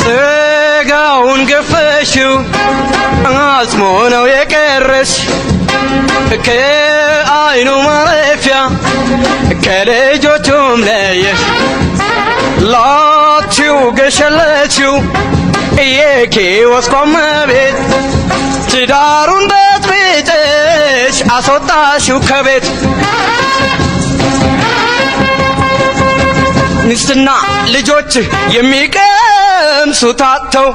ስጋውን ገፈሽው አጽሞ ነው የቀረሽ ከአይኑ ማረፊያ ከልጆቹም ለየሽ ላችሁ ገሸለችው የኪ ወስቋ መቤት ትዳሩን በጥብጭሽ አስወጣሽው ከቤት ሚስትና ልጆች የሚቀምሱ ታተው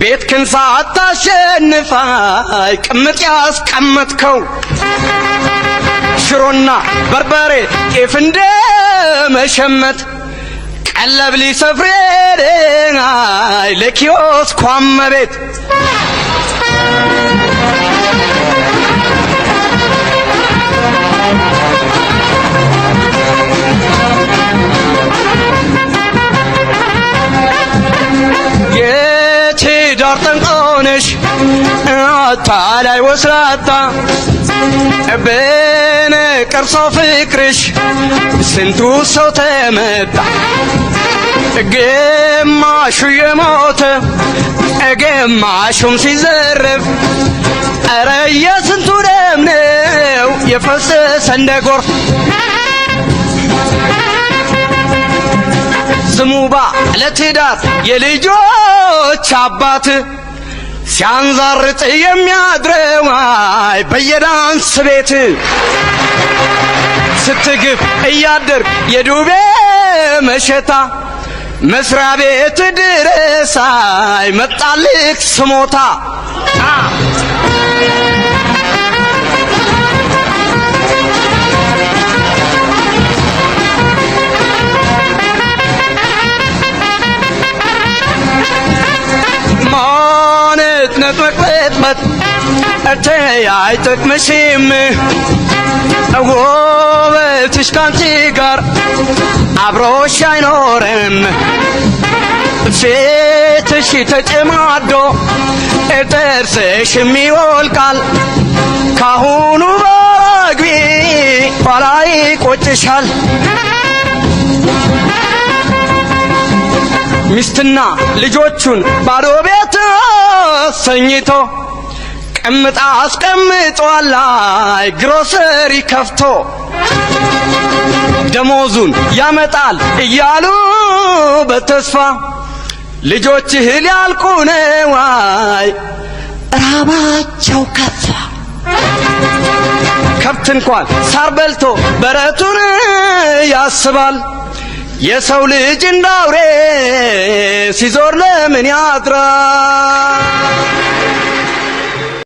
ቤት ክንሳ አታሸንፋይ ቅምጥ ያስቀመጥከው ሽሮና በርበሬ ጤፍ እንደ መሸመት ቀለብ ሊሰፍሬ ለኪዮስኳ ቤት የትዳር ጠንቆነሽ አታላይ ወስላታ ቀርጾ ፍቅርሽ ስንቱ ሰው ተመታ፣ ግማሹ የሞተ ግማሹም ሲዘርፍ፣ እረ የስንቱ ደም ነው የፈሰሰ እንደ ጎርፍ። ዝሙባ ለትዳር የልጆች አባት ሲያንዛርጥ የሚያድረዋይ አይ በየዳንስ ቤት ስትግፍ እያደር የዱቤ መሸታ መስሪያ ቤት ድረሳይ መጣልክ ስሞታ ተጥበጥበጥ አይጠቅምሽም ውበትሽ ካንቺ ጋር አብሮሽ አይኖርም። ፊትሽ ተጨማዶ ጥርስሽ የሚወልቃል ካሁኑ በረግቢ ኋላ ይቆጭሻል። ሚስትና ልጆቹን ባዶ ቤት አሰኝቶ ቀምጣ አስቀምጧላይ ግሮሰሪ ከፍቶ ደሞዙን ያመጣል እያሉ በተስፋ ልጆች እህል ያልቁነ ዋይ ራባቸው ከፋ ከብት እንኳን ሳር በልቶ በረቱን ያስባል። የሰው ልጅ እንዳውሬ ሲዞር ለምን ያጥራ